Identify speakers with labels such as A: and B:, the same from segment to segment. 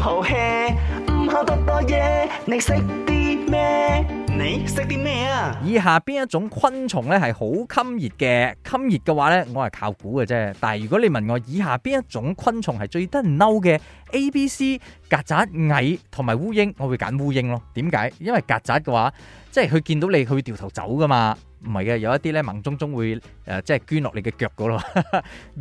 A: 好 hea，唔好多多嘢。你識啲咩？你識啲咩啊？以下邊一種昆蟲咧係好襟熱嘅？襟熱嘅話咧，我係靠估嘅啫。但係如果你問我以下邊一種昆蟲係最得人嬲嘅？A、B、C，曱甴、蟻同埋烏蠅，我會揀烏蠅咯。點解？因為曱甴嘅話，即係佢見到你，佢會掉頭走噶嘛。唔係嘅，有一啲咧，盲中中會誒，即係捐落你嘅腳嗰度。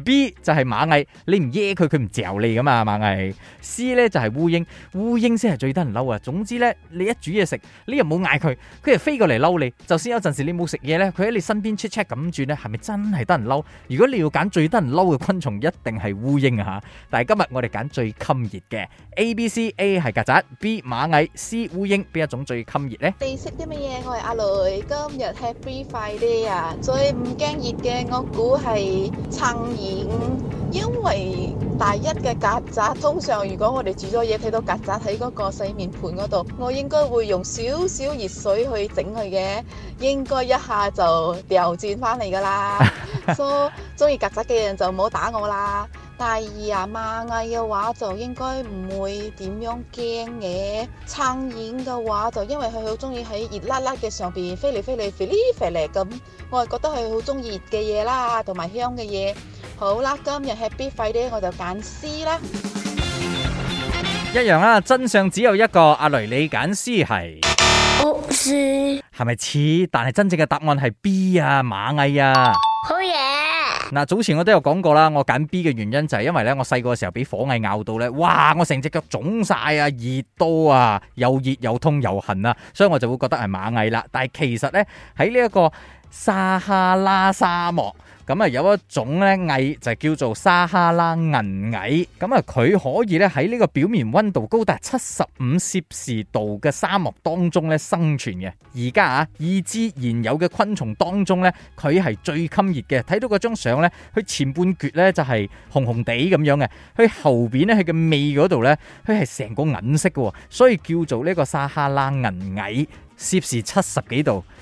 A: B 就係螞蟻，你唔惹佢，佢唔嚼你噶嘛螞蟻。C 咧就係烏蠅，烏蠅先係最得人嬲啊！總之咧，你一煮嘢食，你又冇嗌佢，佢又飛過嚟嬲你。就算有陣時你冇食嘢咧，佢喺你身邊 check check 咁轉咧，係咪真係得人嬲？如果你要揀最得人嬲嘅昆蟲，一定係烏蠅啊！吓，但係今日我哋揀最襟熱嘅 A、B、C，A 係曱甴，B 螞蟻，C 烏蠅，邊一種最襟熱咧？你
B: 識啲乜嘢？我係阿雷今日 happy。快啲啊！最唔驚熱嘅，我估係撐熱，因為大一嘅曱甴通常，如果我哋煮咗嘢，睇到曱甴喺嗰個洗面盆嗰度，我應該會用少少熱水去整佢嘅，應該一下就掉轉翻嚟噶啦。所以中意曱甴嘅人就唔好打我啦。第二啊，螞蟻嘅話就應該唔會點樣驚嘅，撐演嘅話就因為佢好中意喺熱辣辣嘅上邊飛嚟飛嚟飛嚟飛嚟咁、嗯，我係覺得佢好中意熱嘅嘢啦，同埋香嘅嘢。好啦，今日 Happy Friday，我就揀 C 啦。
A: 一樣啦、啊，真相只有一個，阿雷你揀 C 係，係咪似？但係真正嘅答案係 B 啊，螞蟻啊。好嘢。嗱，早前我都有講過啦，我揀 B 嘅原因就係因為咧，我細個嘅時候俾火蟻咬到咧，哇！我成隻腳腫晒啊，熱到啊，又熱又痛又痕啊，所以我就會覺得係螞蟻啦。但係其實咧，喺呢一個撒哈拉沙漠。咁啊，有一種咧蟻就是、叫做撒哈拉銀蟻，咁啊佢可以咧喺呢個表面溫度高達七十五攝氏度嘅沙漠當中咧生存嘅。而家啊，已知現有嘅昆蟲當中咧，佢係最襟熱嘅。睇到嗰張相咧，佢前半橛咧就係紅紅地咁樣嘅，佢後邊咧佢嘅尾嗰度咧，佢係成個銀色嘅，所以叫做呢個撒哈拉銀蟻，攝氏七十幾度。